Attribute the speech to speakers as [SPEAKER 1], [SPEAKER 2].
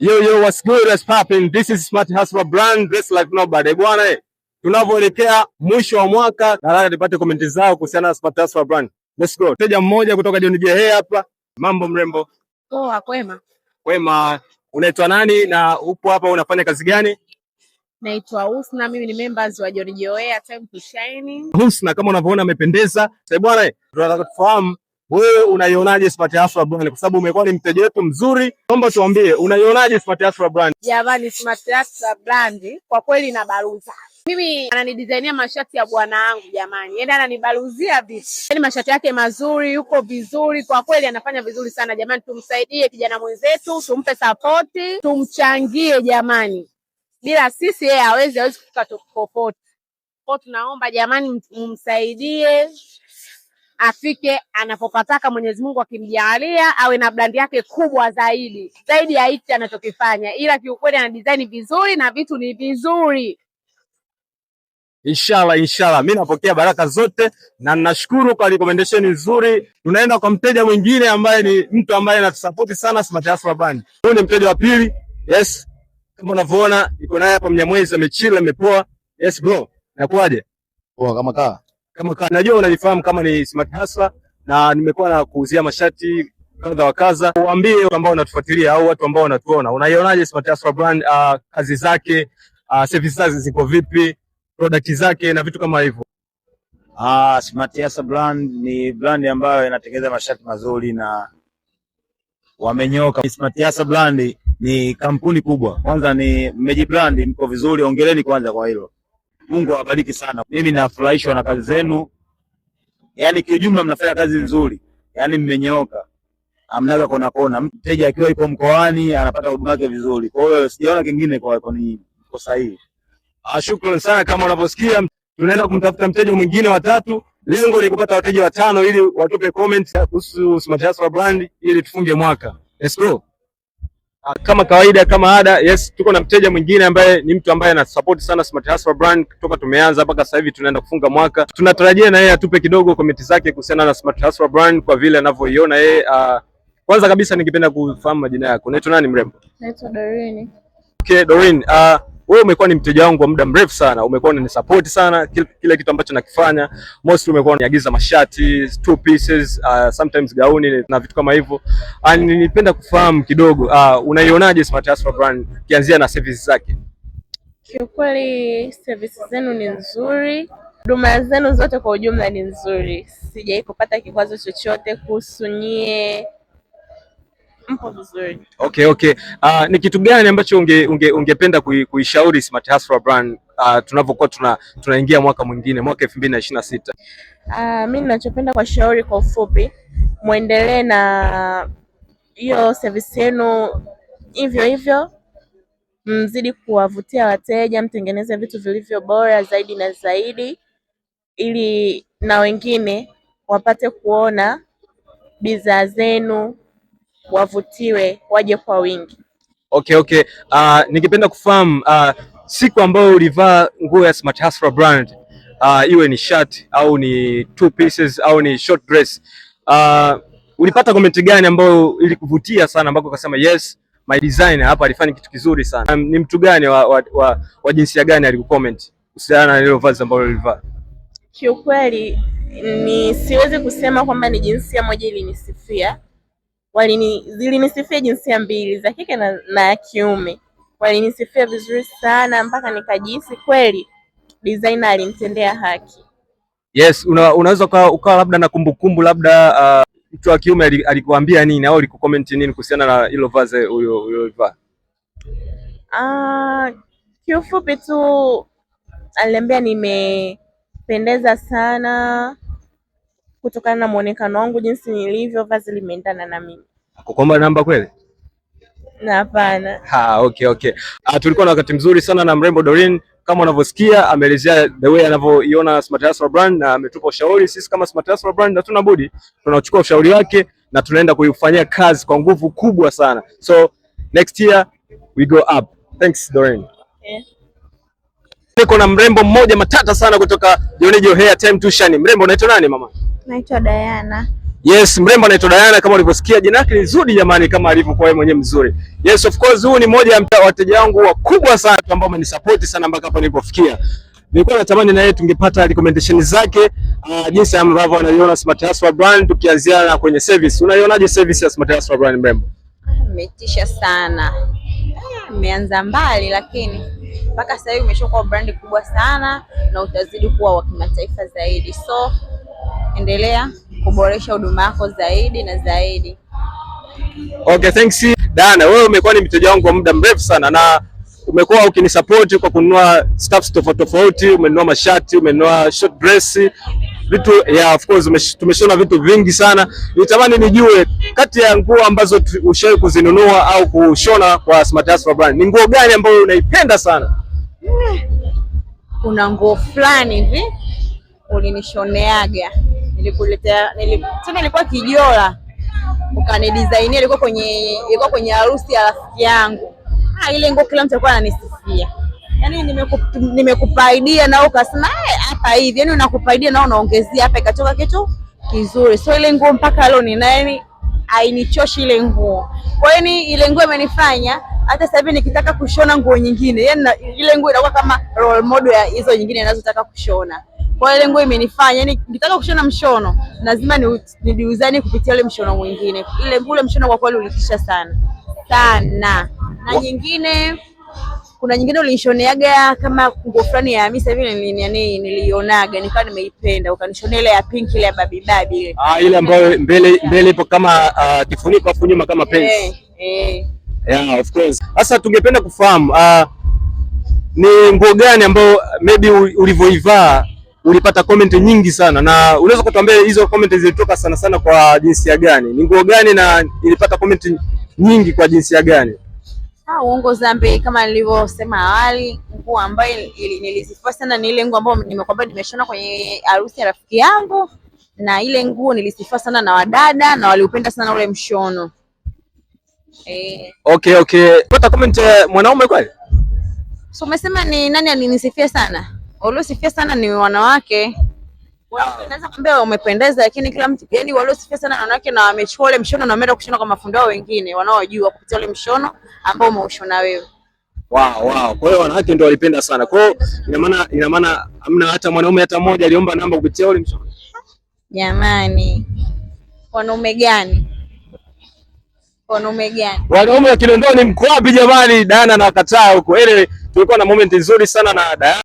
[SPEAKER 1] Yo, yo, what's good, what's popping? This is Smart Hustler brand, dress like nobody. Bwana, eh, tunavyoelekea mwisho wa mwaka, nataka nipate comment zao kuhusiana na Smart Hustler brand. Let's go. Teja mmoja kutoka John Gehe hapa. Mambo mrembo?
[SPEAKER 2] Poa, kwema.
[SPEAKER 1] Kwema. Unaitwa nani na upo hapa unafanya kazi gani?
[SPEAKER 2] Naitwa Husna, mimi ni members wa John Gehe, Time to Shine.
[SPEAKER 1] Husna, kama unavyoona amependeza. Sasa eh, bwana, eh, tunataka tufahamu wewe unaionaje Smartiasra brand kwa sababu umekuwa ni mteja wetu mzuri? Naomba tuambie unaionaje Smartiasra brand?
[SPEAKER 2] Jamani, Smartiasra brand kwa kweli na baruza. Mimi ananidizainia mashati ya bwana wangu jamani, yeye yaani ananibaruzia vitu. Yaani mashati yake mazuri, yuko vizuri kwa kweli, anafanya vizuri sana jamani, tumsaidie kijana mwenzetu, tumpe sapoti, tumchangie jamani, bila sisi yeye hawezi, hawezi kufika popote. Kwa tunaomba jamani, mumsaidie afike anapopataka Mwenyezi Mungu akimjalia awe na brand yake kubwa zaidi zaidi ya hichi anachokifanya, ila kiukweli ana design vizuri na vitu ni vizuri.
[SPEAKER 1] Inshallah, inshallah, mimi napokea baraka zote na ninashukuru kwa recommendation nzuri. Tunaenda kwa mteja mwingine ambaye ni mtu ambaye anatusupport sana Smart Hustler Band. Huyu ni mteja wa pili, yes, kama unavyoona iko naye hapa Mnyamwezi, amechila amepoa. Yes bro, nakuaje?
[SPEAKER 3] Poa kama kaa
[SPEAKER 1] kama najua unanifahamu kama ni Smart Hustler na nimekuwa na kuuzia mashati kadha wa kadha. Uambie watu ambao wanatufuatilia au watu ambao wanatuona, unaionaje Smart Hustler brand, uh, kazi zake, uh, services zake ziko vipi, product zake na vitu kama hivyo?
[SPEAKER 3] Ah, Smart Hustler brand ni brand ambayo inatengeneza mashati mazuri na wamenyoka. Smart Hustler brand ni kampuni kubwa, kwanza ni mmejibrand, mko vizuri, ongeleni kwanza kwa hilo. Mungu awabariki sana. Mimi nafurahishwa na kazi zenu, yaani kiujumla mnafanya kazi nzuri, yaani mmenyeoka, amnaga kona kona. Mteja akiwa ipo mkoani anapata huduma yake vizuri, kwa hiyo sijaona kingine kwa kwa nini kwa sahihi.
[SPEAKER 1] Ashukrani ah, sana, kama unavyosikia tunaenda kumtafuta mteja mwingine watatu. Lengo ni kupata wateja watano ili watupe comment kuhusu Smart Hustler brand ili tufunge mwaka. Let's go. Kama kawaida kama ada, yes, tuko na mteja mwingine ambaye ni mtu ambaye support sana Smart Hustle brand kutoka tumeanza mpaka sasa hivi tunaenda kufunga mwaka. Tunatarajia na yeye atupe kidogo komenti zake kuhusiana na Smart Hustle brand kwa vile anavyoiona yeye. Uh, kwanza kabisa ningependa kufahamu majina yako. Unaitwa nani mrembo?
[SPEAKER 4] Naitwa Doreen.
[SPEAKER 1] Okay, Doreen. Uh, wewe umekuwa ni mteja wangu kwa muda mrefu sana, umekuwa unanisupport sana kile, kitu ambacho nakifanya mostly, umekuwa unaniagiza mashati two pieces, uh, sometimes gauni na vitu kama hivyo. Ah, Nilipenda kufahamu kidogo, uh, unaionaje Smart Asra brand kianzia na services zake?
[SPEAKER 4] Kiukweli services zenu ni nzuri, huduma zenu zote kwa ujumla ni nzuri, sijai kupata kikwazo chochote kuhusu nyie mpo vizuri.
[SPEAKER 1] Okay, okay. Uh, ni kitu gani ambacho unge, unge, ungependa kuishauri Smart Hustler brand uh, ah, tunapokuwa tuna tunaingia mwaka mwingine mwaka elfu mbili na ishirini na sita?
[SPEAKER 4] Uh, ah, mi ninachopenda kwa shauri kwa ufupi, mwendelee na hiyo service yenu hivyo hivyo, mzidi kuwavutia wateja, mtengeneze vitu vilivyo bora zaidi na zaidi, ili na wengine wapate kuona bidhaa zenu wavutiwe waje kwa wingi.
[SPEAKER 1] Okay, okay. Uh, ningependa kufahamu uh, siku ambayo ulivaa nguo ya Smart Hustler brand uh, iwe ni shirt au ni two pieces au ni short dress uh, ulipata comment gani ambayo ilikuvutia sana ambako ukasema yes my designer hapa alifanya kitu kizuri sana? Um, ni mtu gani wa, wa, wa, wa jinsia gani alikucomment kuhusiana na ile vazi ambalo ulivaa?
[SPEAKER 4] Kiukweli ni siwezi kusema kwamba ni jinsia moja ilinisifia walini zilinisifia jinsia mbili za kike na, na kiume walinisifia vizuri sana mpaka nikajihisi kweli designer alimtendea haki.
[SPEAKER 1] Yes, una, unaweza ukawa uka labda na kumbukumbu labda uh, mtu uh, wa kiume alikuambia nini au alikukomenti nini kuhusiana na hilo vazi ulioivaa?
[SPEAKER 4] Uh, ah, kiufupi tu aliniambia nimependeza sana kutokana na muonekano wangu jinsi nilivyo, vazi limeendana na mimi.
[SPEAKER 1] Kukomba namba kweli?
[SPEAKER 4] Na hapana.
[SPEAKER 1] Ha, okay, okay. Ah, tulikuwa na wakati mzuri sana na mrembo Doreen kama unavyosikia ameelezea the way anavyoiona Smart Hustle brand na ametupa ushauri. Sisi kama Smart Hustle brand na tuna budi, tunachukua ushauri wake na tunaenda kuifanyia kazi kwa nguvu kubwa sana. So next year we go up. Thanks Doreen. Okay. Niko na mrembo mmoja matata sana kutoka Jonejo Hair Time Tushani. Mrembo unaitwa nani mama?
[SPEAKER 4] Naitwa Diana.
[SPEAKER 1] Yes, mrembo anaitwa Diana kama ulivyosikia jina lake nzuri jamani, kama alivyokuwa yeye mwenyewe mzuri. Yes, of course huu ni moja ya wateja wangu wakubwa sana ambao wamenisupport sana mpaka hapa nilipofikia. Nilikuwa natamani na yeye tungepata recommendation zake, uh, jinsi ambavyo anaiona Smart Hustle brand tukianzia na kwenye service. Unaionaje service ya Smart Hustle brand mrembo?
[SPEAKER 4] Ah, imetisha sana. Ah, imeanza mbali lakini mpaka sasa hivi imeshakuwa brand kubwa sana na utazidi kuwa wa kimataifa zaidi. So endelea kuboresha huduma yako zaidi na zaidi.
[SPEAKER 1] Okay, thanks Dana, wewe umekuwa ni mteja wangu kwa muda mrefu sana na umekuwa ukinisupport kwa kununua stuffs tofauti tofauti, umenunua mashati, umenunua short dress, vitu yeah, of course tumeshona vitu vingi sana. Nitamani nijue kati ya nguo ambazo ushawahi kuzinunua au kushona kwa Smart Hustler brand, ni nguo gani ambayo unaipenda sana? Eh,
[SPEAKER 2] kuna nguo fulani hivi ulinishoneaga nilikuletea nilikuwa nili, nili kijola ukanidesignia, ilikuwa kwenye ilikuwa kwenye harusi ya rafiki yangu. Ah, ile nguo kila mtu alikuwa ananisifia, yani, nimekupaidia nime na ukasema eh, hapa hivi, yani, unakupaidia na unaongezea hapa, ikatoka kitu kizuri. So ile nguo mpaka leo ni nani ainichoshi ile nguo. Kwa hiyo ile nguo imenifanya hata sasa hivi nikitaka kushona nguo nyingine, yani ile nguo inakuwa kama role model ya hizo nyingine ninazotaka kushona. Kwa ile nguo imenifanya yani, nitaka kushona mshono lazima nidiuzane kupitia ule mshono mwingine. Ile ule mshono kwa kweli ulitisha sana sana. Na nyingine kuna nyingine ulinishoneaga kama nguo fulani ya Hamisa vile yani nilionaga nikawa nimeipenda, ukanishonea ile ya pink ile ya babi babi ile.
[SPEAKER 1] Ah, ile ambayo mbele mbele ipo kama uh, kifuniko afu nyuma kama pants. Eh, eh. Yeah, of course. Sasa tungependa kufahamu uh, ni nguo gani ambayo maybe ulivyoivaa ulipata comment nyingi sana, na unaweza kutuambia hizo comment zilitoka sana sana kwa jinsia gani? Ni nguo gani na ilipata comment nyingi kwa jinsia gani?
[SPEAKER 2] Ah, uongo zambi, kama nilivyosema awali, nguo ambayo nilizifua sana ni ile nguo ambayo nimekwambia nimeshona kwenye harusi ya rafiki yangu, na ile nguo nilisifua sana na wadada na waliupenda sana ule mshono.
[SPEAKER 1] Eh. Okay, okay. Pata comment eh, mwanaume kweli?
[SPEAKER 2] So umesema ni nani alinisifia sana? waliosifia sana ni wanawake naweza kuambia umependeza, lakini kila mtu yani, waliosifia sana wanawake na wamechukua ule mshono na wameenda kushona kwa mafundi wao wengine wanaojua kupitia ule mshono ambao umeushona wewe.
[SPEAKER 1] Wow, wow. Kwa hiyo wanawake ndio walipenda sana. Kwa hiyo ina maana ina maana hamna hata mwanaume hata mmoja aliomba namba kupitia ule mshono.
[SPEAKER 2] Jamani, wanaume gani? Wanaume gani?
[SPEAKER 1] Wanaume wa Kinondoni mko wapi jamani? Dana na kataa huko. Ile tulikuwa na moment nzuri sana na Dana.